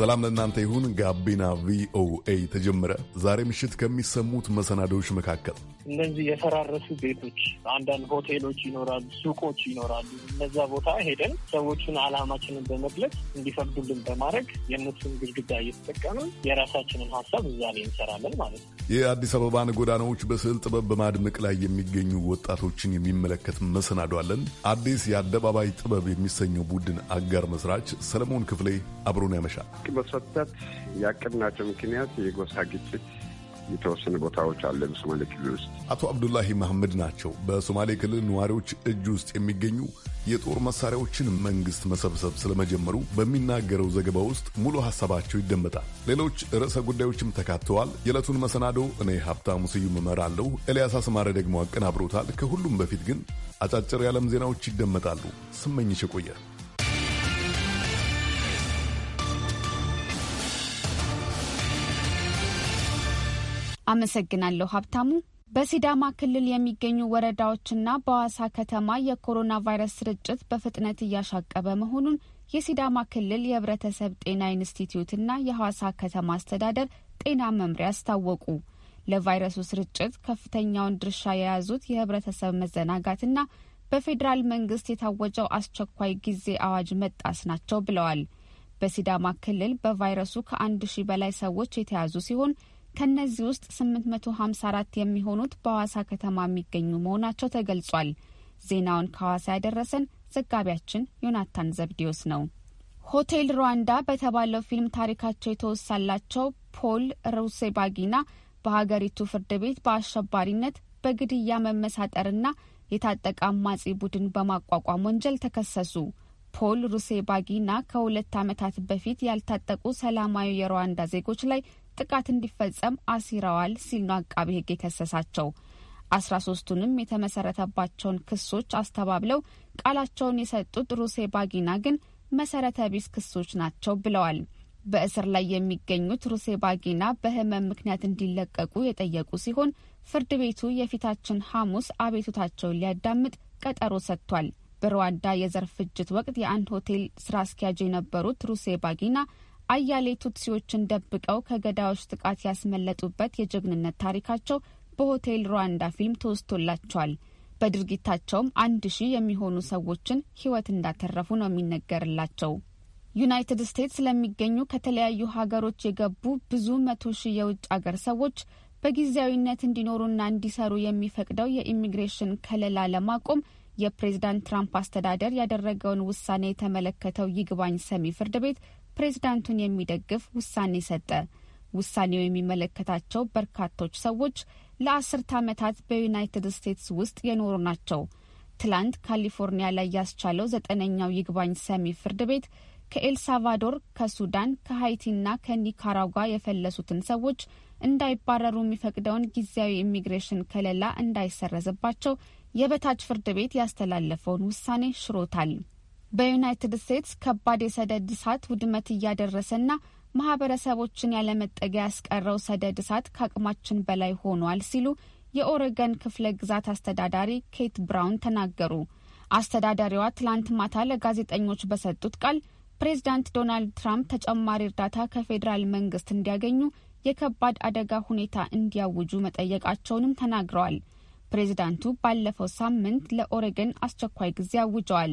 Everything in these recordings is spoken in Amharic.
ሰላም ለእናንተ ይሁን። ጋቢና ቪኦኤ ተጀመረ። ዛሬ ምሽት ከሚሰሙት መሰናዶዎች መካከል እነዚህ የፈራረሱ ቤቶች፣ አንዳንድ ሆቴሎች ይኖራሉ፣ ሱቆች ይኖራሉ። እነዛ ቦታ ሄደን ሰዎቹን አላማችንን በመግለጽ እንዲፈቅዱልን በማድረግ የእነሱን ግድግዳ እየተጠቀምን የራሳችንን ሀሳብ እዛ ላይ እንሰራለን ማለት ነው። የአዲስ አበባን ጎዳናዎች በስዕል ጥበብ በማድመቅ ላይ የሚገኙ ወጣቶችን የሚመለከት መሰናዶ አለን። አዲስ የአደባባይ ጥበብ የሚሰኘው ቡድን አጋር መስራች ሰለሞን ክፍሌ አብሮን ያመሻል። ማስወጣት ያቀድናቸው ምክንያት የጎሳ ግጭት የተወሰኑ ቦታዎች አለ በሶማሌ ክልል ውስጥ። አቶ አብዱላሂ መሐመድ ናቸው በሶማሌ ክልል ነዋሪዎች እጅ ውስጥ የሚገኙ የጦር መሳሪያዎችን መንግስት መሰብሰብ ስለመጀመሩ በሚናገረው ዘገባ ውስጥ ሙሉ ሀሳባቸው ይደመጣል። ሌሎች ርዕሰ ጉዳዮችም ተካተዋል። የዕለቱን መሰናዶ እኔ ሀብታሙ ስዩም እመራለሁ። ኤልያስ አስማረ ደግሞ አቀናብሮታል። ከሁሉም በፊት ግን አጫጭር የዓለም ዜናዎች ይደመጣሉ። ስመኝሽ ቆየ አመሰግናለሁ ሀብታሙ። በሲዳማ ክልል የሚገኙ ወረዳዎችና በሐዋሳ ከተማ የኮሮና ቫይረስ ስርጭት በፍጥነት እያሻቀበ መሆኑን የሲዳማ ክልል የህብረተሰብ ጤና ኢንስቲትዩትና የሐዋሳ ከተማ አስተዳደር ጤና መምሪያ አስታወቁ። ለቫይረሱ ስርጭት ከፍተኛውን ድርሻ የያዙት የህብረተሰብ መዘናጋትና በፌዴራል መንግስት የታወጀው አስቸኳይ ጊዜ አዋጅ መጣስ ናቸው ብለዋል። በሲዳማ ክልል በቫይረሱ ከአንድ ሺህ በላይ ሰዎች የተያዙ ሲሆን ከነዚህ ውስጥ 854 የሚሆኑት በሐዋሳ ከተማ የሚገኙ መሆናቸው ተገልጿል። ዜናውን ከሐዋሳ ያደረሰን ዘጋቢያችን ዮናታን ዘብዲዮስ ነው። ሆቴል ሩዋንዳ በተባለው ፊልም ታሪካቸው የተወሳላቸው ፖል ሩሴባጊና በሀገሪቱ ፍርድ ቤት በአሸባሪነት በግድያ መመሳጠርና የታጠቀ አማጺ ቡድን በማቋቋም ወንጀል ተከሰሱ። ፖል ሩሴባጊና ከሁለት ዓመታት በፊት ያልታጠቁ ሰላማዊ የሩዋንዳ ዜጎች ላይ ጥቃት እንዲፈጸም አሲረዋል ሲል ነው አቃቢ ህግ የከሰሳቸው። አስራ ሶስቱንም የተመሰረተባቸውን ክሶች አስተባብለው ቃላቸውን የሰጡት ሩሴ ባጊና ግን መሰረተ ቢስ ክሶች ናቸው ብለዋል። በእስር ላይ የሚገኙት ሩሴ ባጊና በህመም ምክንያት እንዲለቀቁ የጠየቁ ሲሆን ፍርድ ቤቱ የፊታችን ሐሙስ አቤቱታቸውን ሊያዳምጥ ቀጠሮ ሰጥቷል። በሩዋንዳ የዘር ፍጅት ወቅት የአንድ ሆቴል ስራ አስኪያጅ የነበሩት ሩሴ ባጊና አያሌ ቱትሲዎችን ደብቀው ከገዳዮች ጥቃት ያስመለጡበት የጀግንነት ታሪካቸው በሆቴል ሩዋንዳ ፊልም ተወስቶላቸዋል። በድርጊታቸውም አንድ ሺህ የሚሆኑ ሰዎችን ሕይወት እንዳተረፉ ነው የሚነገርላቸው። ዩናይትድ ስቴትስ ለሚገኙ ከተለያዩ ሀገሮች የገቡ ብዙ መቶ ሺህ የውጭ አገር ሰዎች በጊዜያዊነት እንዲኖሩና እንዲሰሩ የሚፈቅደው የኢሚግሬሽን ከለላ ለማቆም የፕሬዝዳንት ትራምፕ አስተዳደር ያደረገውን ውሳኔ የተመለከተው ይግባኝ ሰሚ ፍርድ ቤት ፕሬዝዳንቱን የሚደግፍ ውሳኔ ሰጠ። ውሳኔው የሚመለከታቸው በርካቶች ሰዎች ለአስርተ ዓመታት በዩናይትድ ስቴትስ ውስጥ የኖሩ ናቸው። ትላንት ካሊፎርኒያ ላይ ያስቻለው ዘጠነኛው ይግባኝ ሰሚ ፍርድ ቤት ከኤልሳልቫዶር፣ ከሱዳን፣ ከሀይቲና ከኒካራጓ የፈለሱትን ሰዎች እንዳይባረሩ የሚፈቅደውን ጊዜያዊ ኢሚግሬሽን ከለላ እንዳይሰረዝባቸው የበታች ፍርድ ቤት ያስተላለፈውን ውሳኔ ሽሮታል። በዩናይትድ ስቴትስ ከባድ የሰደድ እሳት ውድመት እያደረሰና ማህበረሰቦችን ያለመጠጊያ ያስቀረው ሰደድ እሳት ከአቅማችን በላይ ሆኗል ሲሉ የኦሬገን ክፍለ ግዛት አስተዳዳሪ ኬት ብራውን ተናገሩ። አስተዳዳሪዋ ትላንት ማታ ለጋዜጠኞች በሰጡት ቃል ፕሬዚዳንት ዶናልድ ትራምፕ ተጨማሪ እርዳታ ከፌዴራል መንግስት እንዲያገኙ የከባድ አደጋ ሁኔታ እንዲያውጁ መጠየቃቸውንም ተናግረዋል። ፕሬዚዳንቱ ባለፈው ሳምንት ለኦሬገን አስቸኳይ ጊዜ አውጀዋል።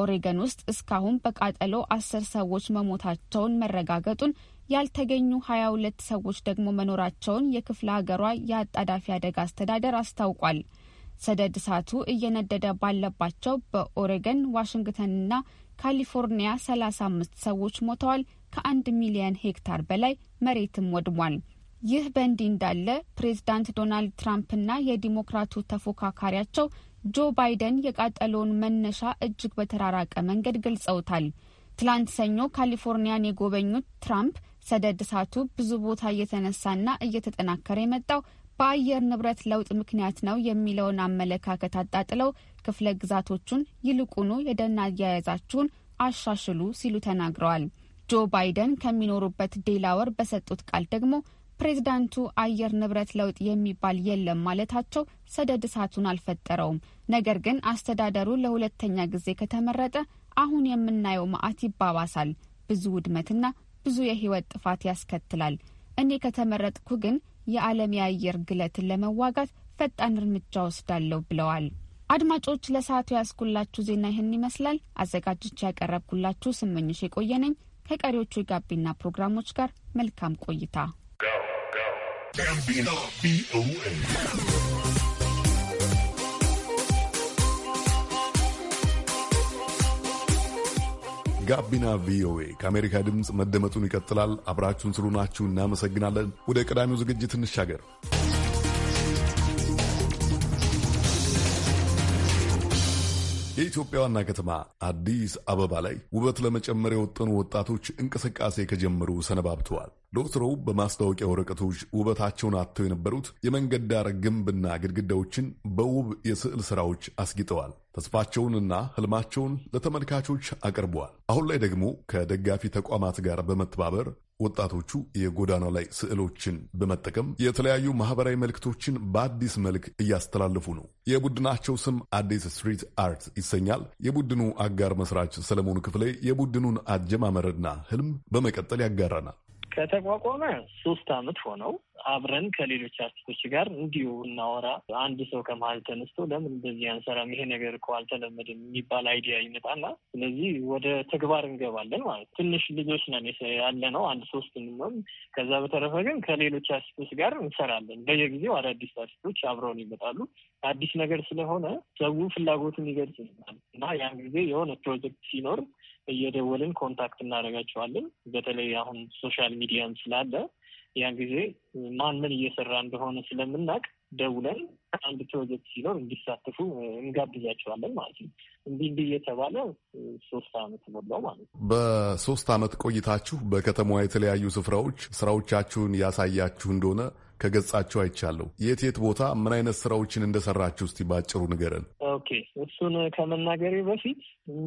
ኦሬገን ውስጥ እስካሁን በቃጠሎ አስር ሰዎች መሞታቸውን መረጋገጡን ያልተገኙ ሀያ ሁለት ሰዎች ደግሞ መኖራቸውን የክፍለ ሀገሯ የአጣዳፊ አደጋ አስተዳደር አስታውቋል። ሰደድ እሳቱ እየነደደ ባለባቸው በኦሬገን ዋሽንግተንና ካሊፎርኒያ ሰላሳ አምስት ሰዎች ሞተዋል። ከአንድ ሚሊየን ሄክታር በላይ መሬትም ወድሟል። ይህ በእንዲህ እንዳለ ፕሬዚዳንት ዶናልድ ትራምፕና የዲሞክራቱ ተፎካካሪያቸው ጆ ባይደን የቃጠሎውን መነሻ እጅግ በተራራቀ መንገድ ገልጸውታል። ትላንት ሰኞ ካሊፎርኒያን የጎበኙት ትራምፕ ሰደድ እሳቱ ብዙ ቦታ እየተነሳና እየተጠናከረ የመጣው በአየር ንብረት ለውጥ ምክንያት ነው የሚለውን አመለካከት አጣጥለው ክፍለ ግዛቶቹን ይልቁኑ የደን አያያዛችሁን አሻሽሉ ሲሉ ተናግረዋል። ጆ ባይደን ከሚኖሩበት ዴላወር በሰጡት ቃል ደግሞ ፕሬዝዳንቱ አየር ንብረት ለውጥ የሚባል የለም ማለታቸው ሰደድ እሳቱን አልፈጠረውም። ነገር ግን አስተዳደሩ ለሁለተኛ ጊዜ ከተመረጠ አሁን የምናየው መዓት ይባባሳል፣ ብዙ ውድመትና ብዙ የህይወት ጥፋት ያስከትላል። እኔ ከተመረጥኩ ግን የዓለም የአየር ግለትን ለመዋጋት ፈጣን እርምጃ ወስዳለሁ ብለዋል። አድማጮች ለሰዓቱ ያስኩላችሁ ዜና ይህን ይመስላል። አዘጋጅቼ ያቀረብኩላችሁ ስመኝሽ የቆየነኝ ከቀሪዎቹ የጋቢና ፕሮግራሞች ጋር መልካም ቆይታ ጋቢና ቪኦኤ ጋቢና ቪኦኤ ከአሜሪካ ድምፅ መደመጡን ይቀጥላል። አብራችሁን ስሉ ናችሁ እናመሰግናለን። ወደ ቀዳሚው ዝግጅት እንሻገር። የኢትዮጵያ ዋና ከተማ አዲስ አበባ ላይ ውበት ለመጨመር የወጠኑ ወጣቶች እንቅስቃሴ ከጀመሩ ሰነባብተዋል። ዶክተሮው በማስታወቂያ ወረቀቶች ውበታቸውን አጥተው የነበሩት የመንገድ ዳር ግንብና ግድግዳዎችን በውብ የስዕል ስራዎች አስጊጠዋል። ተስፋቸውንና ህልማቸውን ለተመልካቾች አቅርበዋል። አሁን ላይ ደግሞ ከደጋፊ ተቋማት ጋር በመተባበር ወጣቶቹ የጎዳና ላይ ስዕሎችን በመጠቀም የተለያዩ ማህበራዊ መልእክቶችን በአዲስ መልክ እያስተላለፉ ነው። የቡድናቸው ስም አዲስ ስትሪት አርት ይሰኛል። የቡድኑ አጋር መስራች ሰለሞኑ ክፍሌ የቡድኑን አጀማመርና ህልም በመቀጠል ያጋራናል። ከተቋቋመ ሶስት አመት ሆነው አብረን ከሌሎች አርቲስቶች ጋር እንዲሁ እናወራ። አንድ ሰው ከመሀል ተነስቶ ለምን እንደዚህ አንሰራም ይሄ ነገር እኮ አልተለመድም የሚባል አይዲያ ይመጣና ስለዚህ ወደ ተግባር እንገባለን ማለት ትንሽ ልጆች ነን ያለ ነው አንድ ሶስት እንሆን። ከዛ በተረፈ ግን ከሌሎች አርቲስቶች ጋር እንሰራለን። በየጊዜው አዳዲስ አርቲስቶች አብረውን ይመጣሉ። አዲስ ነገር ስለሆነ ሰው ፍላጎቱን ይገልጽ እና ያን ጊዜ የሆነ ፕሮጀክት ሲኖር እየደወልን ኮንታክት እናደርጋቸዋለን። በተለይ አሁን ሶሻል ሚዲያም ስላለ ያን ጊዜ ማን ምን እየሰራ እንደሆነ ስለምናውቅ ደውለን አንድ ፕሮጀክት ሲኖር እንዲሳተፉ እንጋብዛቸዋለን ማለት ነው። እንዲህ እንዲህ እየተባለ ሶስት አመት ሞላው ማለት ነው። በሶስት አመት ቆይታችሁ በከተማዋ የተለያዩ ስፍራዎች ስራዎቻችሁን ያሳያችሁ እንደሆነ ከገጻቸው አይቻለሁ። የት የት ቦታ ምን አይነት ስራዎችን እንደሰራችሁ እስቲ ባጭሩ ንገረን። ኦኬ፣ እሱን ከመናገሬ በፊት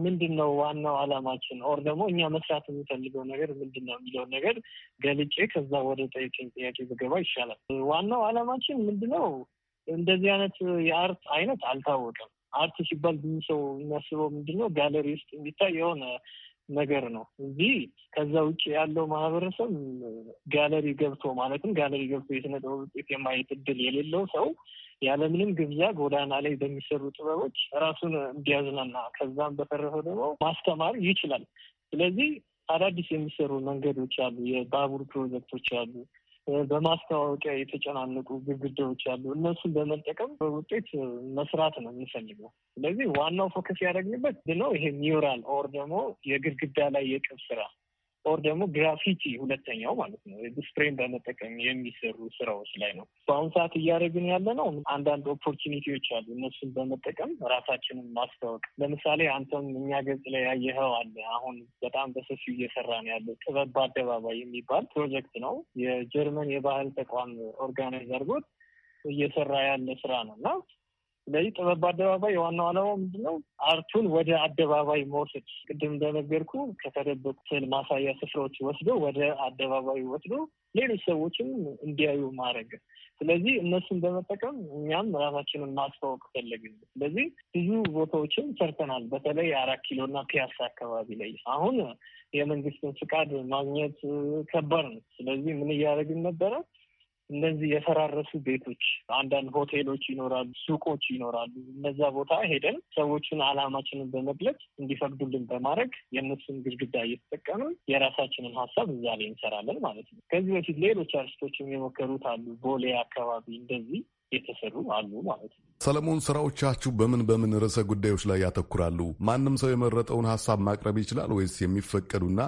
ምንድን ነው ዋናው አላማችን ኦር ደግሞ እኛ መስራት የሚፈልገው ነገር ምንድን ነው የሚለውን ነገር ገልጬ ከዛ ወደ ጠየቀኝ ጥያቄ ብገባ ይሻላል። ዋናው አላማችን ምንድን ነው? እንደዚህ አይነት የአርት አይነት አልታወቀም። አርት ሲባል ብዙ ሰው የሚያስበው ምንድን ነው? ጋለሪ ውስጥ የሚታይ የሆነ ነገር ነው እንጂ ከዛ ውጭ ያለው ማህበረሰብ ጋለሪ ገብቶ ማለትም ጋለሪ ገብቶ የስነ ጥበብ ውጤት የማየት እድል የሌለው ሰው ያለምንም ግብዣ ጎዳና ላይ በሚሰሩ ጥበቦች ራሱን እንዲያዝናና ከዛም በተረፈ ደግሞ ማስተማር ይችላል። ስለዚህ አዳዲስ የሚሰሩ መንገዶች አሉ፣ የባቡር ፕሮጀክቶች አሉ። በማስታወቂያ የተጨናነቁ ግድግዳዎች አሉ። እነሱን በመጠቀም በውጤት መስራት ነው የምንፈልገው። ስለዚህ ዋናው ፎከስ ያደረግንበት ነው ይሄ ኒውራል ኦር ደግሞ የግድግዳ ላይ የቅብ ስራ ኦር ደግሞ ግራፊቲ ሁለተኛው ማለት ነው። ስፕሬን በመጠቀም የሚሰሩ ስራዎች ላይ ነው በአሁኑ ሰዓት እያደረግን ያለ ነው። አንዳንድ ኦፖርቹኒቲዎች አሉ። እነሱን በመጠቀም ራሳችንን ማስታወቅ ለምሳሌ አንተም እኛ ገጽ ላይ ያየኸው አለ። አሁን በጣም በሰፊው እየሰራ ነው ያለው ጥበብ በአደባባይ የሚባል ፕሮጀክት ነው። የጀርመን የባህል ተቋም ኦርጋናይዝ አድርጎት እየሰራ ያለ ስራ ነው እና ስለዚህ ጥበብ በአደባባይ የዋናው ዓላማው ምንድነው? አርቱን ወደ አደባባይ መውሰድ። ቅድም እንደነገርኩ ከተደበቁ ስዕል ማሳያ ስፍራዎች ወስዶ ወደ አደባባይ ወስዶ ሌሎች ሰዎችም እንዲያዩ ማድረግ። ስለዚህ እነሱን በመጠቀም እኛም ራሳችንን ማስተዋወቅ ፈለግን። ስለዚህ ብዙ ቦታዎችን ሰርተናል። በተለይ አራት ኪሎ እና ፒያሳ አካባቢ ላይ አሁን የመንግስትን ፍቃድ ማግኘት ከባድ ነው። ስለዚህ ምን እያደረግን ነበረ? እነዚህ የፈራረሱ ቤቶች፣ አንዳንድ ሆቴሎች ይኖራሉ፣ ሱቆች ይኖራሉ። እነዛ ቦታ ሄደን ሰዎቹን አላማችንን በመግለጽ እንዲፈቅዱልን በማድረግ የእነሱን ግድግዳ እየተጠቀምን የራሳችንን ሀሳብ እዛ ላይ እንሰራለን ማለት ነው። ከዚህ በፊት ሌሎች አርቲስቶችም የሞከሩት አሉ። ቦሌ አካባቢ እንደዚህ የተሰሩ አሉ ማለት ነው። ሰለሞን፣ ስራዎቻችሁ በምን በምን ርዕሰ ጉዳዮች ላይ ያተኩራሉ? ማንም ሰው የመረጠውን ሀሳብ ማቅረብ ይችላል ወይስ የሚፈቀዱና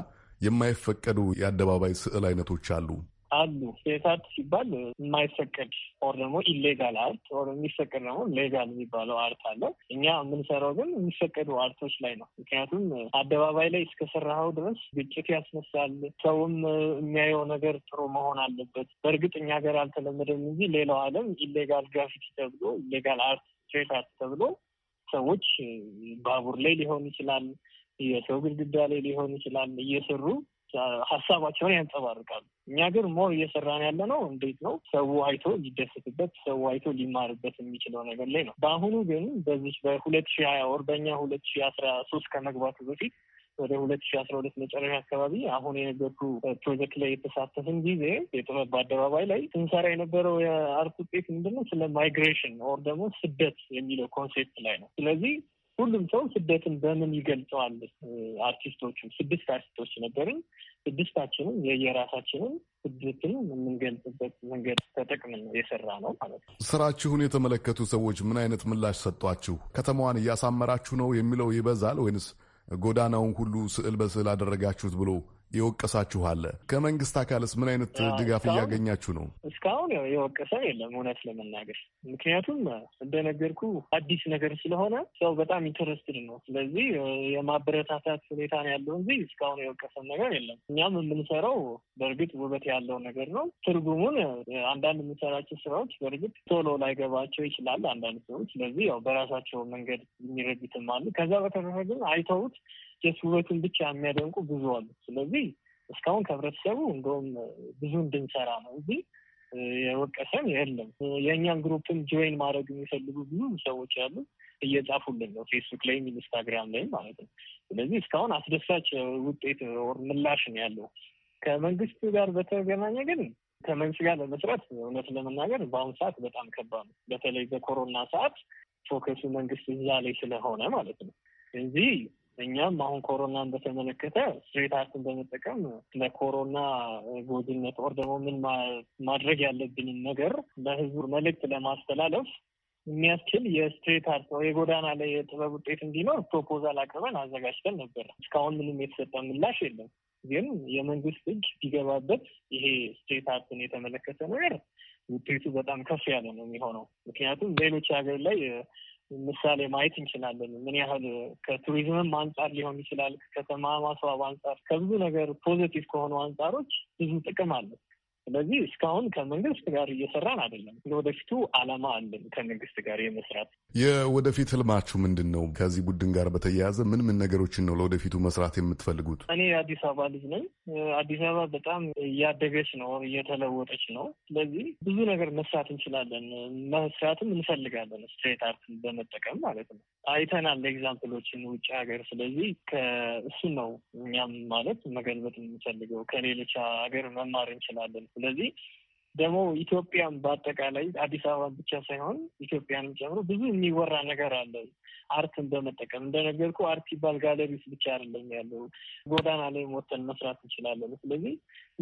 የማይፈቀዱ የአደባባይ ስዕል አይነቶች አሉ? አሉ። ሴት አርት ሲባል የማይፈቀድ ኦር ደግሞ ኢሌጋል አርት ኦር የሚፈቀድ ደግሞ ሌጋል የሚባለው አርት አለ። እኛ የምንሰራው ግን የሚፈቀዱ አርቶች ላይ ነው። ምክንያቱም አደባባይ ላይ እስከሰራኸው ድረስ ግጭት ያስነሳል። ሰውም የሚያየው ነገር ጥሩ መሆን አለበት። በእርግጥ እኛ ሀገር አልተለመደም እንጂ ሌላው ዓለም ኢሌጋል ግራፊቲ ተብሎ ኢሌጋል አርት ስትሬት አርት ተብሎ ሰዎች ባቡር ላይ ሊሆን ይችላል፣ የሰው ግድግዳ ላይ ሊሆን ይችላል እየሰሩ ሀሳባቸውን ያንጸባርቃሉ። እኛ ግን ሞር እየሰራን ያለ ነው እንዴት ነው ሰው አይቶ ሊደሰትበት ሰው አይቶ ሊማርበት የሚችለው ነገር ላይ ነው። በአሁኑ ግን በዚህ በሁለት ሺ ሀያ ወር በእኛ ሁለት ሺ አስራ ሶስት ከመግባቱ በፊት ወደ ሁለት ሺ አስራ ሁለት መጨረሻ አካባቢ አሁን የነገርኩ ፕሮጀክት ላይ የተሳተፍን ጊዜ የጥበብ በአደባባይ ላይ ስንሰራ የነበረው የአርት ውጤት ምንድነው ስለ ማይግሬሽን ኦር ደግሞ ስደት የሚለው ኮንሴፕት ላይ ነው። ስለዚህ ሁሉም ሰው ስደትን በምን ይገልጸዋል? አርቲስቶቹ ስድስት አርቲስቶች ነበርን። ስድስታችንም የየራሳችንም ስደትን የምንገልጽበት መንገድ ተጠቅምን የሰራ ነው ማለት ነው። ስራችሁን የተመለከቱ ሰዎች ምን አይነት ምላሽ ሰጧችሁ? ከተማዋን እያሳመራችሁ ነው የሚለው ይበዛል ወይንስ ጎዳናውን ሁሉ ስዕል በስዕል አደረጋችሁት ብሎ አለ ከመንግስት አካልስ ምን አይነት ድጋፍ እያገኛችሁ ነው? እስካሁን ያው የወቀሰን የለም እውነት ለመናገር ምክንያቱም እንደነገርኩ አዲስ ነገር ስለሆነ ሰው በጣም ኢንተረስትድ ነው። ስለዚህ የማበረታታት ሁኔታ ነው ያለው እንጂ እስካሁን የወቀሰን ነገር የለም። እኛም የምንሰራው በእርግጥ ውበት ያለው ነገር ነው። ትርጉሙን አንዳንድ የምንሰራቸው ስራዎች በእርግጥ ቶሎ ላይገባቸው ይችላል አንዳንድ ሰዎች። ስለዚህ ያው በራሳቸው መንገድ የሚረዱትም አሉ። ከዛ በተረፈ ግን አይተውት ሴት ውበቱን ብቻ የሚያደንቁ ብዙ አሉ። ስለዚህ እስካሁን ከህብረተሰቡ እንደውም ብዙ እንድንሰራ ነው እንጂ የወቀሰን የለም። የእኛን ግሩፕን ጆይን ማድረግ የሚፈልጉ ብዙ ሰዎች ያሉ እየጻፉልን ነው፣ ፌስቡክ ላይም ኢንስታግራም ላይም ማለት ነው። ስለዚህ እስካሁን አስደሳች ውጤት ወር ምላሽ ነው ያለው። ከመንግስት ጋር በተገናኘ ግን ከመንግስት ጋር ለመስራት እውነት ለመናገር በአሁኑ ሰዓት በጣም ከባድ ነው። በተለይ በኮሮና ሰዓት ፎከሱ መንግስት እዛ ላይ ስለሆነ ማለት ነው እንጂ እኛም አሁን ኮሮናን በተመለከተ ስትሬት አርትን በመጠቀም ለኮሮና ኮሮና ኦር ደግሞ ምን ማድረግ ያለብንን ነገር ለህዝቡ መልእክት ለማስተላለፍ የሚያስችል የስትሬት አርት የጎዳና ላይ የጥበብ ውጤት እንዲኖር ፕሮፖዛል አቅርበን አዘጋጅተን ነበር እስካሁን ምንም የተሰጠ ምላሽ የለም። ግን የመንግስት እጅ ቢገባበት ይሄ ስትሬት አርትን የተመለከተ ነገር ውጤቱ በጣም ከፍ ያለ ነው የሚሆነው። ምክንያቱም ሌሎች ሀገር ላይ ምሳሌ ማየት እንችላለን። ምን ያህል ከቱሪዝምም አንጻር ሊሆን ይችላል፣ ከተማ ማስዋብ አንጻር፣ ከብዙ ነገር ፖዘቲቭ ከሆኑ አንጻሮች ብዙ ጥቅም አለ። ስለዚህ እስካሁን ከመንግስት ጋር እየሰራን አይደለም። ለወደፊቱ አላማ አለን ከመንግስት ጋር የመስራት። የወደፊት ህልማችሁ ምንድን ነው? ከዚህ ቡድን ጋር በተያያዘ ምን ምን ነገሮችን ነው ለወደፊቱ መስራት የምትፈልጉት? እኔ የአዲስ አበባ ልጅ ነኝ። አዲስ አበባ በጣም እያደገች ነው፣ እየተለወጠች ነው። ስለዚህ ብዙ ነገር መስራት እንችላለን፣ መስራትም እንፈልጋለን። ስትሬት አርትን በመጠቀም ማለት ነው። አይተናል ኤግዛምፕሎችን ውጭ ሀገር። ስለዚህ ከእሱ ነው እኛም ማለት መገልበጥ የምንፈልገው ከሌሎች ሀገር መማር እንችላለን። ስለዚህ ደግሞ ኢትዮጵያን በአጠቃላይ አዲስ አበባ ብቻ ሳይሆን ኢትዮጵያንም ጨምሮ ብዙ የሚወራ ነገር አለ። አርትን በመጠቀም እንደነገርኩ አርት ሲባል ጋለሪስ ብቻ አይደለም ያለው፣ ጎዳና ላይ ወጥተን መስራት እንችላለን። ስለዚህ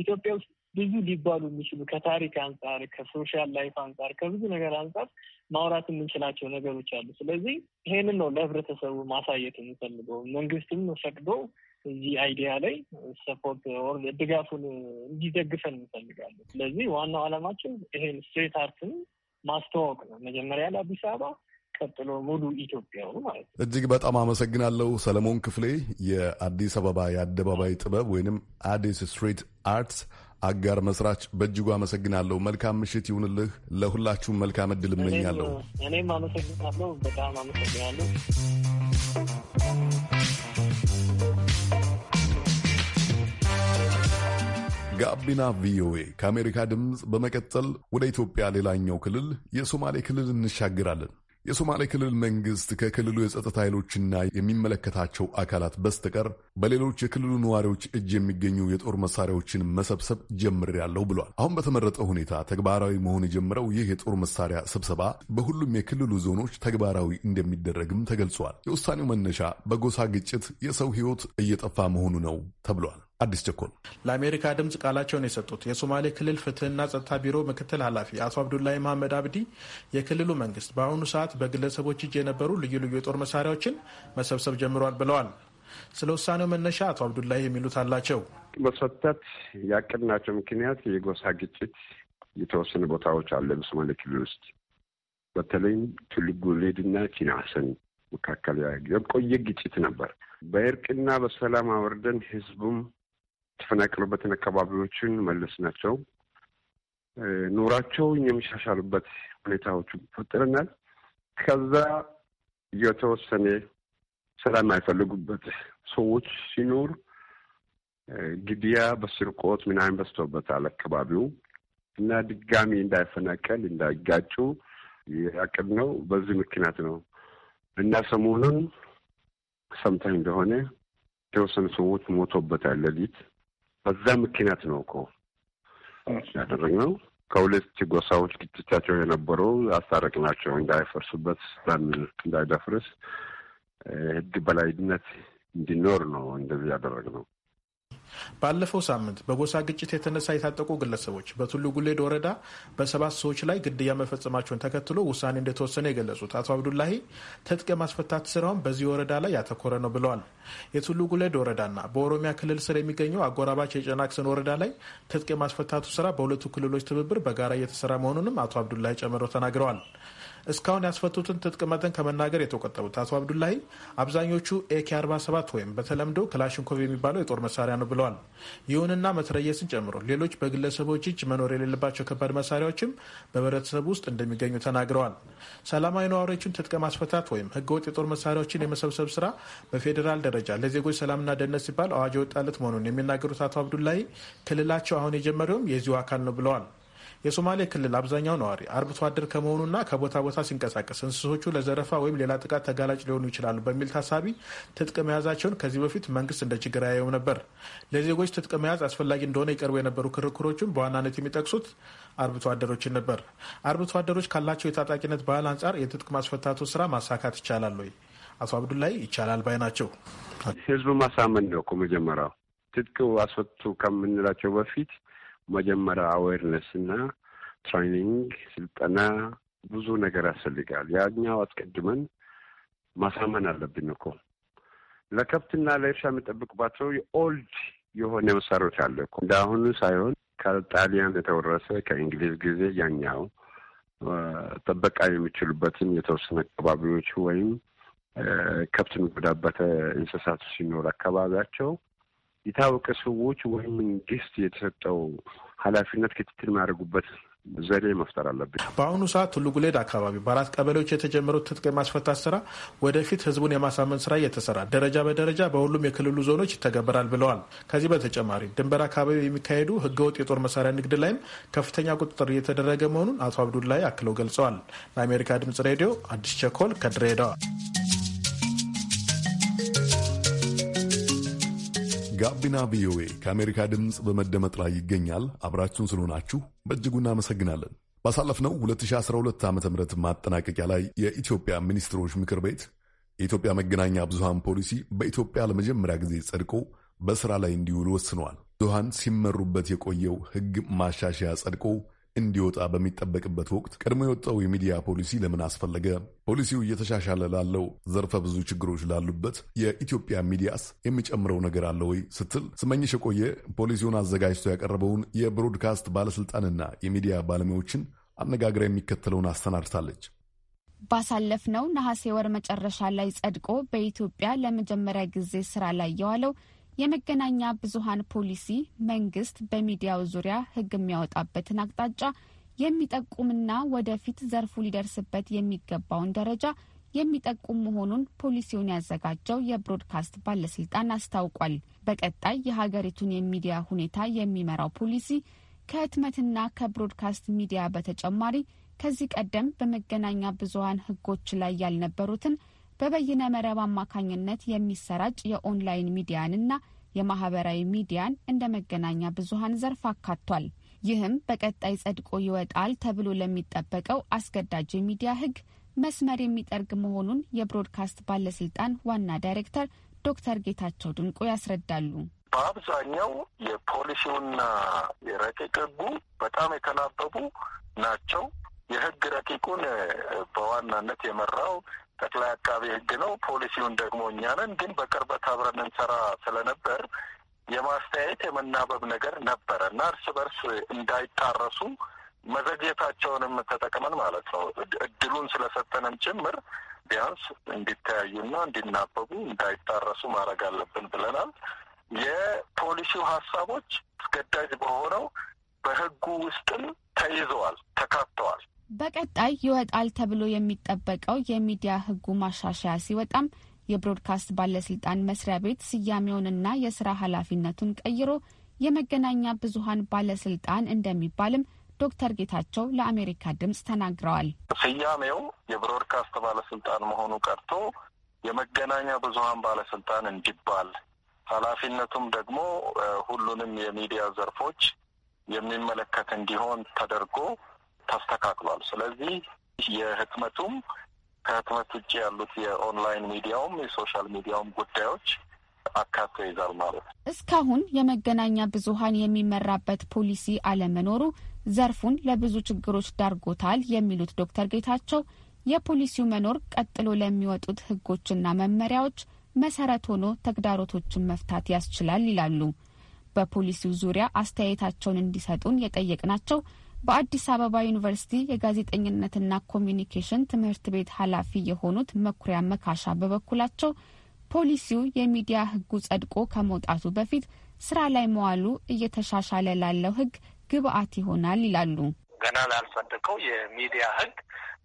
ኢትዮጵያ ውስጥ ብዙ ሊባሉ የሚችሉ ከታሪክ አንጻር፣ ከሶሻል ላይፍ አንጻር፣ ከብዙ ነገር አንጻር ማውራት የምንችላቸው ነገሮች አሉ። ስለዚህ ይሄንን ነው ለህብረተሰቡ ማሳየት የምፈልገው መንግስትም ፈቅዶ እዚህ አይዲያ ላይ ሰፖርት ኦር ድጋፉን እንዲደግፈን እንፈልጋለን። ስለዚህ ዋናው አለማችን ይሄን ስትሬት አርትን ማስተዋወቅ ነው። መጀመሪያ ለአዲስ አበባ ቀጥሎ ሙሉ ኢትዮጵያ ማለት ነው። እጅግ በጣም አመሰግናለሁ። ሰለሞን ክፍሌ የአዲስ አበባ የአደባባይ ጥበብ ወይንም አዲስ ስትሪት አርትስ አጋር መስራች በእጅጉ አመሰግናለሁ። መልካም ምሽት ይሁንልህ። ለሁላችሁም መልካም እድል እመኛለሁ። እኔም አመሰግናለሁ። በጣም አመሰግናለሁ። ጋቢና ቪኦኤ ከአሜሪካ ድምፅ በመቀጠል ወደ ኢትዮጵያ ሌላኛው ክልል የሶማሌ ክልል እንሻግራለን። የሶማሌ ክልል መንግስት ከክልሉ የጸጥታ ኃይሎችና የሚመለከታቸው አካላት በስተቀር በሌሎች የክልሉ ነዋሪዎች እጅ የሚገኙ የጦር መሳሪያዎችን መሰብሰብ ጀምሬያለሁ ብሏል። አሁን በተመረጠ ሁኔታ ተግባራዊ መሆን የጀመረው ይህ የጦር መሳሪያ ስብሰባ በሁሉም የክልሉ ዞኖች ተግባራዊ እንደሚደረግም ተገልጿል። የውሳኔው መነሻ በጎሳ ግጭት የሰው ሕይወት እየጠፋ መሆኑ ነው ተብሏል። አዲስ ቸኮል ለአሜሪካ ድምፅ ቃላቸውን የሰጡት የሶማሌ ክልል ፍትህና ጸጥታ ቢሮ ምክትል ኃላፊ አቶ አብዱላሂ መሐመድ አብዲ የክልሉ መንግስት በአሁኑ ሰዓት በግለሰቦች እጅ የነበሩ ልዩ ልዩ የጦር መሳሪያዎችን መሰብሰብ ጀምሯል ብለዋል። ስለ ውሳኔው መነሻ አቶ አብዱላሂ የሚሉት አላቸው። ማስፈታት ያቀድናቸው ምክንያት የጎሳ ግጭት የተወሰኑ ቦታዎች አለ በሶማሌ ክልል ውስጥ በተለይም ቱልጉሌድና ኪናሰን መካከል የቆየ ግጭት ነበር። በእርቅና በሰላም አወርደን ህዝቡም የተፈናቀሉበትን አካባቢዎችን መለስ ናቸው ኑራቸውን የሚሻሻሉበት ሁኔታዎች ይፈጠረናል። ከዛ የተወሰነ ስራ የማይፈልጉበት ሰዎች ሲኖር ግድያ በስርቆት ምናምን በዝቶበታል አካባቢው እና ድጋሚ እንዳይፈናቀል እንዳይጋጩ ያቅድ ነው። በዚህ ምክንያት ነው እና ሰሞኑን ሰምታኝ እንደሆነ የተወሰኑ ሰዎች ሞቶበታል ሌሊት በዛ ምክንያት ነው እኮ ያደረግነው። ከሁለት ጎሳዎች ግጭቻቸው የነበሩ ናቸው እንዳይፈርሱበት በሚል እንዳይደፍርስ ህግ በላይነት እንዲኖር ነው እንደዚህ ያደረግነው። ባለፈው ሳምንት በጎሳ ግጭት የተነሳ የታጠቁ ግለሰቦች በቱሉ ጉሌድ ወረዳ በሰባት ሰዎች ላይ ግድያ መፈጸማቸውን ተከትሎ ውሳኔ እንደተወሰነ የገለጹት አቶ አብዱላሂ ትጥቅ የማስፈታት ስራውን በዚህ ወረዳ ላይ ያተኮረ ነው ብለዋል። የቱሉ ጉሌድ ወረዳና በኦሮሚያ ክልል ስር የሚገኘው አጎራባች የጨናክሰን ወረዳ ላይ ትጥቅ የማስፈታቱ ስራ በሁለቱ ክልሎች ትብብር በጋራ እየተሰራ መሆኑንም አቶ አብዱላሂ ጨምረው ተናግረዋል። እስካሁን ያስፈቱትን ትጥቅ መጠን ከመናገር የተቆጠቡት አቶ አብዱላሂ አብዛኞቹ ኤኬ 47 ወይም በተለምዶ ክላሽንኮቭ የሚባለው የጦር መሳሪያ ነው ብለዋል። ይሁንና መትረየስን ጨምሮ ሌሎች በግለሰቦች እጅ መኖር የሌለባቸው ከባድ መሳሪያዎችም በህብረተሰቡ ውስጥ እንደሚገኙ ተናግረዋል። ሰላማዊ ነዋሪዎችን ትጥቅ ማስፈታት ወይም ህገወጥ የጦር መሳሪያዎችን የመሰብሰብ ስራ በፌዴራል ደረጃ ለዜጎች ሰላምና ደህንነት ሲባል አዋጅ የወጣለት መሆኑን የሚናገሩት አቶ አብዱላሂ ክልላቸው አሁን የጀመረውም የዚሁ አካል ነው ብለዋል። የሶማሌ ክልል አብዛኛው ነዋሪ አርብቶ አደር ከመሆኑና ከቦታ ቦታ ሲንቀሳቀስ እንስሶቹ ለዘረፋ ወይም ሌላ ጥቃት ተጋላጭ ሊሆኑ ይችላሉ በሚል ታሳቢ ትጥቅ መያዛቸውን ከዚህ በፊት መንግስት እንደ ችግር ያየው ነበር። ለዜጎች ትጥቅ መያዝ አስፈላጊ እንደሆነ ይቀርቡ የነበሩ ክርክሮችን በዋናነት የሚጠቅሱት አርብቶ አደሮችን ነበር። አርብቶ አደሮች ካላቸው የታጣቂነት ባህል አንጻር የትጥቅ ማስፈታቱ ስራ ማሳካት ይቻላል ወይ? አቶ አብዱላይ ይቻላል ባይ ናቸው። ህዝቡ ማሳመን ነው እኮ መጀመሪያው ትጥቅ አስፈቱ ከምንላቸው በፊት መጀመሪያ አዌርነስ እና ትሬኒንግ ስልጠና ብዙ ነገር ያስፈልጋል። ያኛው አስቀድመን ማሳመን አለብን እኮ ለከብትና ለእርሻ የሚጠብቅባቸው የኦልድ የሆነ መሳሪያዎች አለ እኮ እንደ አሁኑ ሳይሆን ከጣሊያን የተወረሰ ከእንግሊዝ ጊዜ ያኛው ጥበቃ የሚችሉበትን የተወሰነ አካባቢዎች ወይም ከብት የሚጎዳበት እንስሳት ሲኖር አካባቢያቸው የታወቀ ሰዎች ወይም መንግስት የተሰጠው ኃላፊነት ክትትል የሚያደርጉበት ዘዴ መፍጠር አለብን። በአሁኑ ሰዓት ሁሉ ጉሌድ አካባቢ በአራት ቀበሌዎች የተጀመሩት ትጥቅ የማስፈታት ስራ ወደፊት ህዝቡን የማሳመን ስራ እየተሰራ ደረጃ በደረጃ በሁሉም የክልሉ ዞኖች ይተገበራል ብለዋል። ከዚህ በተጨማሪ ድንበር አካባቢ የሚካሄዱ ህገወጥ የጦር መሳሪያ ንግድ ላይም ከፍተኛ ቁጥጥር እየተደረገ መሆኑን አቶ አብዱላይ አክለው ገልጸዋል። ለአሜሪካ ድምጽ ሬዲዮ አዲስ ቸኮል ከድሬዳዋ ጋቢና ቪኦኤ ከአሜሪካ ድምፅ በመደመጥ ላይ ይገኛል። አብራችሁን ስለሆናችሁ በእጅጉ እናመሰግናለን። ባሳለፍነው 2012 ዓ ም ማጠናቀቂያ ላይ የኢትዮጵያ ሚኒስትሮች ምክር ቤት የኢትዮጵያ መገናኛ ብዙሃን ፖሊሲ በኢትዮጵያ ለመጀመሪያ ጊዜ ጸድቆ በሥራ ላይ እንዲውል ወስነዋል። ብዙሃን ሲመሩበት የቆየው ሕግ ማሻሻያ ጸድቆ እንዲወጣ በሚጠበቅበት ወቅት ቀድሞ የወጣው የሚዲያ ፖሊሲ ለምን አስፈለገ? ፖሊሲው እየተሻሻለ ላለው ዘርፈ ብዙ ችግሮች ላሉበት የኢትዮጵያ ሚዲያስ የሚጨምረው ነገር አለ ወይ ስትል ስመኝሽ የቆየ ፖሊሲውን አዘጋጅቶ ያቀረበውን የብሮድካስት ባለስልጣንና የሚዲያ ባለሙያዎችን አነጋግራ የሚከተለውን አሰናድታለች። ባሳለፍነው ነሐሴ ወር መጨረሻ ላይ ጸድቆ በኢትዮጵያ ለመጀመሪያ ጊዜ ስራ ላይ የዋለው የመገናኛ ብዙሃን ፖሊሲ መንግስት በሚዲያው ዙሪያ ህግ የሚያወጣበትን አቅጣጫ የሚጠቁምና ወደፊት ዘርፉ ሊደርስበት የሚገባውን ደረጃ የሚጠቁም መሆኑን ፖሊሲውን ያዘጋጀው የብሮድካስት ባለስልጣን አስታውቋል። በቀጣይ የሀገሪቱን የሚዲያ ሁኔታ የሚመራው ፖሊሲ ከህትመትና ከብሮድካስት ሚዲያ በተጨማሪ ከዚህ ቀደም በመገናኛ ብዙሀን ህጎች ላይ ያልነበሩትን በበይነ መረብ አማካኝነት የሚሰራጭ የኦንላይን ሚዲያንና የማህበራዊ ሚዲያን እንደ መገናኛ ብዙሀን ዘርፍ አካቷል። ይህም በቀጣይ ጸድቆ ይወጣል ተብሎ ለሚጠበቀው አስገዳጅ የሚዲያ ህግ መስመር የሚጠርግ መሆኑን የብሮድካስት ባለስልጣን ዋና ዳይሬክተር ዶክተር ጌታቸው ድንቁ ያስረዳሉ። በአብዛኛው የፖሊሲውና የረቂቅ ህጉ በጣም የተናበቡ ናቸው። የህግ ረቂቁን በዋናነት የመራው ጠቅላይ አቃቤ ሕግ ነው። ፖሊሲውን ደግሞ እኛ ነን። ግን በቅርበት አብረን እንሰራ ስለነበር የማስተያየት የመናበብ ነገር ነበረ እና እርስ በርስ እንዳይጣረሱ መዘግየታቸውንም ተጠቅመን ማለት ነው እድሉን ስለሰጠንም ጭምር ቢያንስ እንዲተያዩና እንዲናበቡ እንዳይጣረሱ ማድረግ አለብን ብለናል። የፖሊሲው ሀሳቦች አስገዳጅ በሆነው በህጉ ውስጥም ተይዘዋል፣ ተካተዋል። በቀጣይ ይወጣል ተብሎ የሚጠበቀው የሚዲያ ህጉ ማሻሻያ ሲወጣም የብሮድካስት ባለስልጣን መስሪያ ቤት ስያሜውንና የስራ ኃላፊነቱን ቀይሮ የመገናኛ ብዙሀን ባለስልጣን እንደሚባልም ዶክተር ጌታቸው ለአሜሪካ ድምፅ ተናግረዋል። ስያሜው የብሮድካስት ባለስልጣን መሆኑ ቀርቶ የመገናኛ ብዙሀን ባለስልጣን እንዲባል፣ ኃላፊነቱም ደግሞ ሁሉንም የሚዲያ ዘርፎች የሚመለከት እንዲሆን ተደርጎ ተስተካክሏል። ስለዚህ የህትመቱም ከህትመት ውጭ ያሉት የኦንላይን ሚዲያውም የሶሻል ሚዲያውም ጉዳዮች አካቶ ይዛል ማለት ነው። እስካሁን የመገናኛ ብዙሀን የሚመራበት ፖሊሲ አለመኖሩ ዘርፉን ለብዙ ችግሮች ዳርጎታል የሚሉት ዶክተር ጌታቸው የፖሊሲው መኖር ቀጥሎ ለሚወጡት ህጎችና መመሪያዎች መሰረት ሆኖ ተግዳሮቶችን መፍታት ያስችላል ይላሉ። በፖሊሲው ዙሪያ አስተያየታቸውን እንዲሰጡን የጠየቅናቸው በአዲስ አበባ ዩኒቨርሲቲ የጋዜጠኝነትና ኮሚዩኒኬሽን ትምህርት ቤት ኃላፊ የሆኑት መኩሪያ መካሻ በበኩላቸው ፖሊሲው የሚዲያ ሕጉ ጸድቆ ከመውጣቱ በፊት ስራ ላይ መዋሉ እየተሻሻለ ላለው ሕግ ግብአት ይሆናል ይላሉ። ገና ላልጸደቀው የሚዲያ ሕግ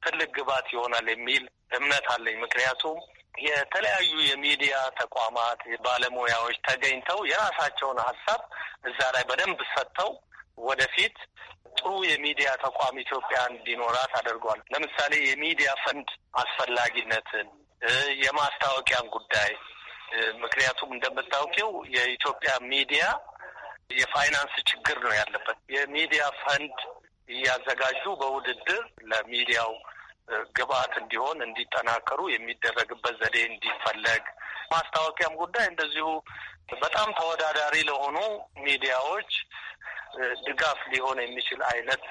ትልቅ ግብአት ይሆናል የሚል እምነት አለኝ። ምክንያቱም የተለያዩ የሚዲያ ተቋማት ባለሙያዎች ተገኝተው የራሳቸውን ሀሳብ እዛ ላይ በደንብ ሰጥተው ወደፊት ጥሩ የሚዲያ ተቋም ኢትዮጵያ እንዲኖራት አድርጓል። ለምሳሌ የሚዲያ ፈንድ አስፈላጊነትን የማስታወቂያን ጉዳይ ምክንያቱም እንደምታውቂው የኢትዮጵያ ሚዲያ የፋይናንስ ችግር ነው ያለበት። የሚዲያ ፈንድ እያዘጋጁ በውድድር ለሚዲያው ግብአት እንዲሆን እንዲጠናከሩ የሚደረግበት ዘዴ እንዲፈለግ ማስታወቂያም ጉዳይ እንደዚሁ በጣም ተወዳዳሪ ለሆኑ ሚዲያዎች ድጋፍ ሊሆን የሚችል አይነት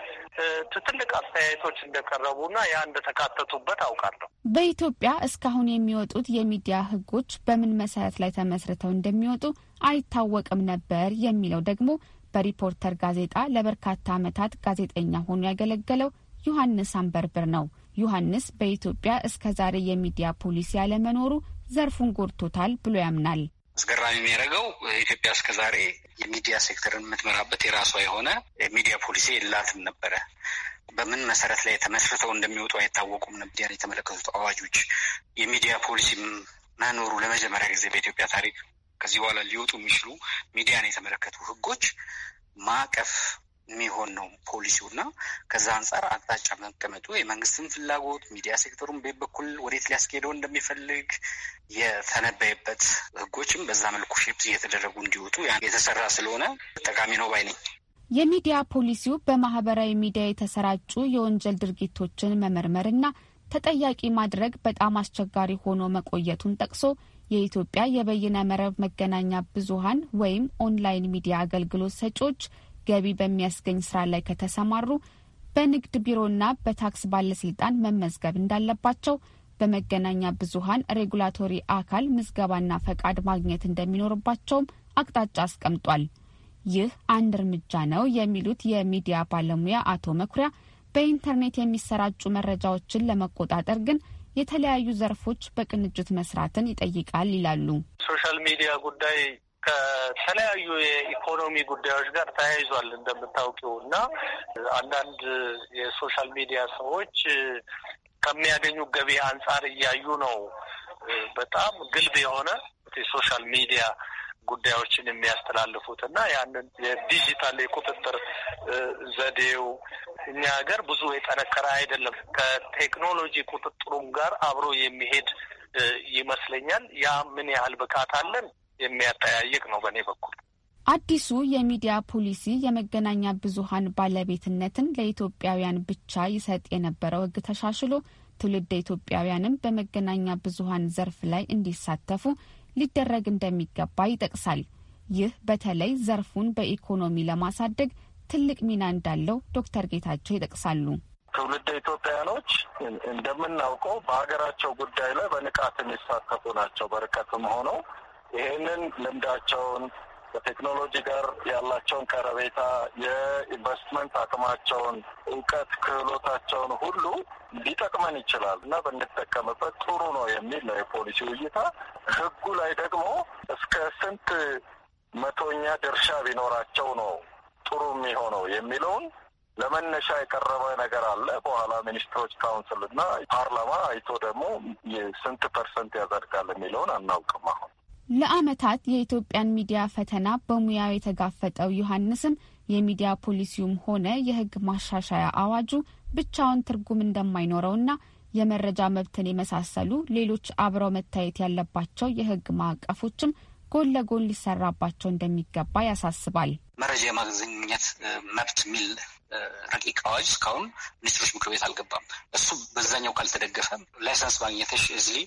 ትልቅ አስተያየቶች እንደቀረቡና ያ እንደተካተቱበት አውቃለሁ። በኢትዮጵያ እስካሁን የሚወጡት የሚዲያ ሕጎች በምን መሰረት ላይ ተመስርተው እንደሚወጡ አይታወቅም ነበር የሚለው ደግሞ በሪፖርተር ጋዜጣ ለበርካታ ዓመታት ጋዜጠኛ ሆኖ ያገለገለው ዮሐንስ አንበርብር ነው። ዮሐንስ በኢትዮጵያ እስከ ዛሬ የሚዲያ ፖሊሲ ያለመኖሩ ዘርፉን ጎድቶታል ብሎ ያምናል። አስገራሚ የሚያደርገው ኢትዮጵያ እስከ ዛሬ የሚዲያ ሴክተርን የምትመራበት የራሷ የሆነ የሚዲያ ፖሊሲ የላትም ነበረ። በምን መሰረት ላይ ተመስርተው እንደሚወጡ አይታወቁም። ሚዲያን የተመለከቱት አዋጆች የሚዲያ ፖሊሲ መኖሩ ለመጀመሪያ ጊዜ በኢትዮጵያ ታሪክ ከዚህ በኋላ ሊወጡ የሚችሉ ሚዲያን የተመለከቱ ህጎች ማዕቀፍ የሚሆን ነው ፖሊሲው እና ከዛ አንጻር አቅጣጫ መቀመጡ የመንግስትን ፍላጎት ሚዲያ ሴክተሩን በኩል ወዴት ሊያስኬደው እንደሚፈልግ የተነበየበት ህጎችም በዛ መልኩ ሼፕ እየተደረጉ እንዲወጡ የተሰራ ስለሆነ ጠቃሚ ነው ባይ ነኝ። የሚዲያ ፖሊሲው በማህበራዊ ሚዲያ የተሰራጩ የወንጀል ድርጊቶችን መመርመርና ተጠያቂ ማድረግ በጣም አስቸጋሪ ሆኖ መቆየቱን ጠቅሶ የኢትዮጵያ የበይነ መረብ መገናኛ ብዙሀን ወይም ኦንላይን ሚዲያ አገልግሎት ሰጪዎች ገቢ በሚያስገኝ ስራ ላይ ከተሰማሩ በንግድ ቢሮና በታክስ ባለስልጣን መመዝገብ እንዳለባቸው፣ በመገናኛ ብዙሃን ሬጉላቶሪ አካል ምዝገባና ፈቃድ ማግኘት እንደሚኖርባቸውም አቅጣጫ አስቀምጧል። ይህ አንድ እርምጃ ነው የሚሉት የሚዲያ ባለሙያ አቶ መኩሪያ በኢንተርኔት የሚሰራጩ መረጃዎችን ለመቆጣጠር ግን የተለያዩ ዘርፎች በቅንጅት መስራትን ይጠይቃል ይላሉ። ሶሻል ሚዲያ ጉዳይ ከተለያዩ የኢኮኖሚ ጉዳዮች ጋር ተያይዟል እንደምታውቂው እና አንዳንድ የሶሻል ሚዲያ ሰዎች ከሚያገኙ ገቢ አንጻር እያዩ ነው በጣም ግልብ የሆነ የሶሻል ሚዲያ ጉዳዮችን የሚያስተላልፉት እና ያንን የዲጂታል የቁጥጥር ዘዴው እኛ ሀገር ብዙ የጠነከረ አይደለም። ከቴክኖሎጂ ቁጥጥሩም ጋር አብሮ የሚሄድ ይመስለኛል። ያ ምን ያህል ብቃት አለን የሚያጠያይቅ ነው በእኔ በኩል። አዲሱ የሚዲያ ፖሊሲ የመገናኛ ብዙሀን ባለቤትነትን ለኢትዮጵያውያን ብቻ ይሰጥ የነበረው ሕግ ተሻሽሎ ትውልድ ኢትዮጵያውያንም በመገናኛ ብዙሀን ዘርፍ ላይ እንዲሳተፉ ሊደረግ እንደሚገባ ይጠቅሳል። ይህ በተለይ ዘርፉን በኢኮኖሚ ለማሳደግ ትልቅ ሚና እንዳለው ዶክተር ጌታቸው ይጠቅሳሉ። ትውልደ ኢትዮጵያውያኖች እንደምናውቀው በሀገራቸው ጉዳይ ላይ በንቃት የሚሳተፉ ናቸው። በርቀትም ሆነው ይህንን ልምዳቸውን ከቴክኖሎጂ ጋር ያላቸውን ቀረቤታ፣ የኢንቨስትመንት አቅማቸውን፣ እውቀት ክህሎታቸውን ሁሉ ሊጠቅመን ይችላል እና ብንጠቀምበት ጥሩ ነው የሚል ነው የፖሊሲው እይታ። ህጉ ላይ ደግሞ እስከ ስንት መቶኛ ድርሻ ቢኖራቸው ነው ጥሩ የሚሆነው የሚለውን ለመነሻ የቀረበ ነገር አለ። በኋላ ሚኒስትሮች ካውንስል እና ፓርላማ አይቶ ደግሞ ስንት ፐርሰንት ያዘድጋል የሚለውን አናውቅም አሁን ለአመታት የኢትዮጵያን ሚዲያ ፈተና በሙያው የተጋፈጠው ዮሐንስም የሚዲያ ፖሊሲውም ሆነ የህግ ማሻሻያ አዋጁ ብቻውን ትርጉም እንደማይኖረውና የመረጃ መብትን የመሳሰሉ ሌሎች አብረው መታየት ያለባቸው የህግ ማዕቀፎችም ጎን ለጎን ሊሰራባቸው እንደሚገባ ያሳስባል። መረጃ የማግኘት መብት የሚል ረቂቅ አዋጅ እስካሁን ሚኒስትሮች ምክር ቤት አልገባም። እሱ በዛኛው ካልተደገፈ ላይሰንስ ማግኘትሽ እዚህ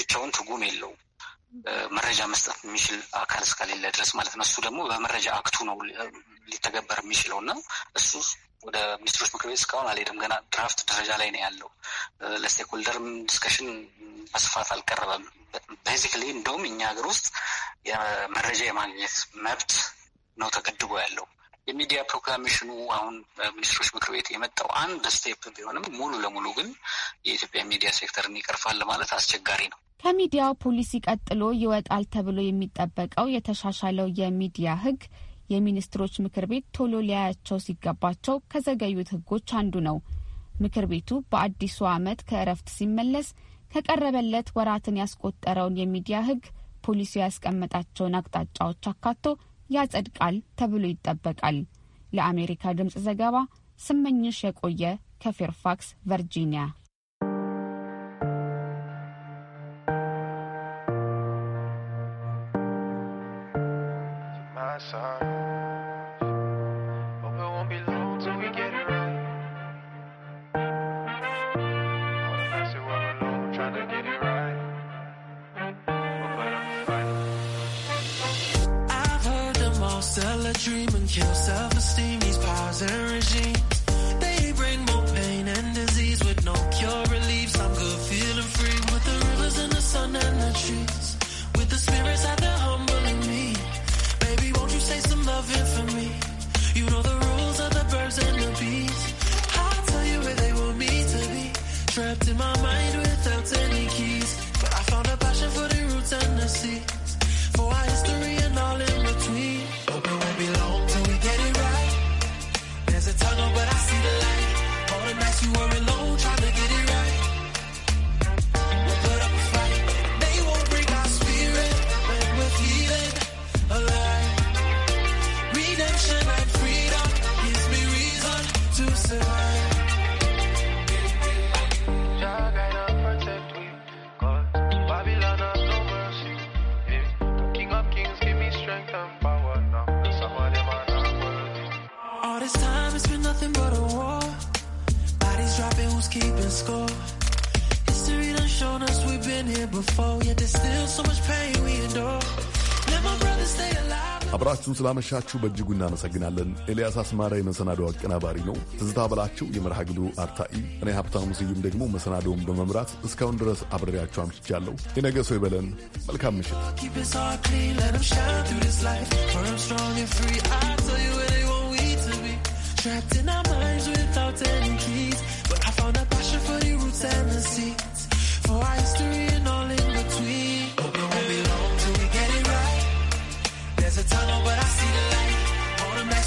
ብቻውን ትርጉም የለውም። መረጃ መስጠት የሚችል አካል እስከሌለ ድረስ ማለት ነው። እሱ ደግሞ በመረጃ አክቱ ነው ሊተገበር የሚችለው እና እሱ ወደ ሚኒስትሮች ምክር ቤት እስካሁን አልሄደም። ገና ድራፍት ደረጃ ላይ ነው ያለው። ለስቴክሆልደርም ዲስከሽን በስፋት አልቀረበም። ቤዚካሊ እንደውም እኛ ሀገር ውስጥ የመረጃ የማግኘት መብት ነው ተገድቦ ያለው። የሚዲያ ፕሮክላሜሽኑ አሁን ሚኒስትሮች ምክር ቤት የመጣው አንድ ስቴፕ ቢሆንም ሙሉ ለሙሉ ግን የኢትዮጵያ ሚዲያ ሴክተርን ይቀርፋል ማለት አስቸጋሪ ነው። ከሚዲያው ፖሊሲ ቀጥሎ ይወጣል ተብሎ የሚጠበቀው የተሻሻለው የሚዲያ ህግ የሚኒስትሮች ምክር ቤት ቶሎ ሊያያቸው ሲገባቸው ከዘገዩት ህጎች አንዱ ነው። ምክር ቤቱ በአዲሱ ዓመት ከእረፍት ሲመለስ ከቀረበለት ወራትን ያስቆጠረውን የሚዲያ ህግ ፖሊሲው ያስቀመጣቸውን አቅጣጫዎች አካቶ ያጸድቃል ተብሎ ይጠበቃል። ለአሜሪካ ድምፅ ዘገባ ስመኝሽ የቆየ ከፌርፋክስ ቨርጂኒያ። see. አብራችሁን ስላመሻችሁ በእጅጉ እናመሰግናለን። ኤልያስ አስማራ የመሰናዶ አቀናባሪ ነው። ትዝታ በላቸው የመርሃ ግብሩ አርታኢ፣ እኔ ሀብታሙ ስዩም ደግሞ መሰናዶውን በመምራት እስካሁን ድረስ አብሬያችሁ አምሽቻለሁ። የነገ ሰው ይበለን። መልካም ምሽት። For our history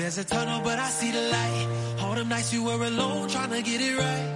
There's a tunnel, but I see the light. All them nights you were alone, trying to get it right.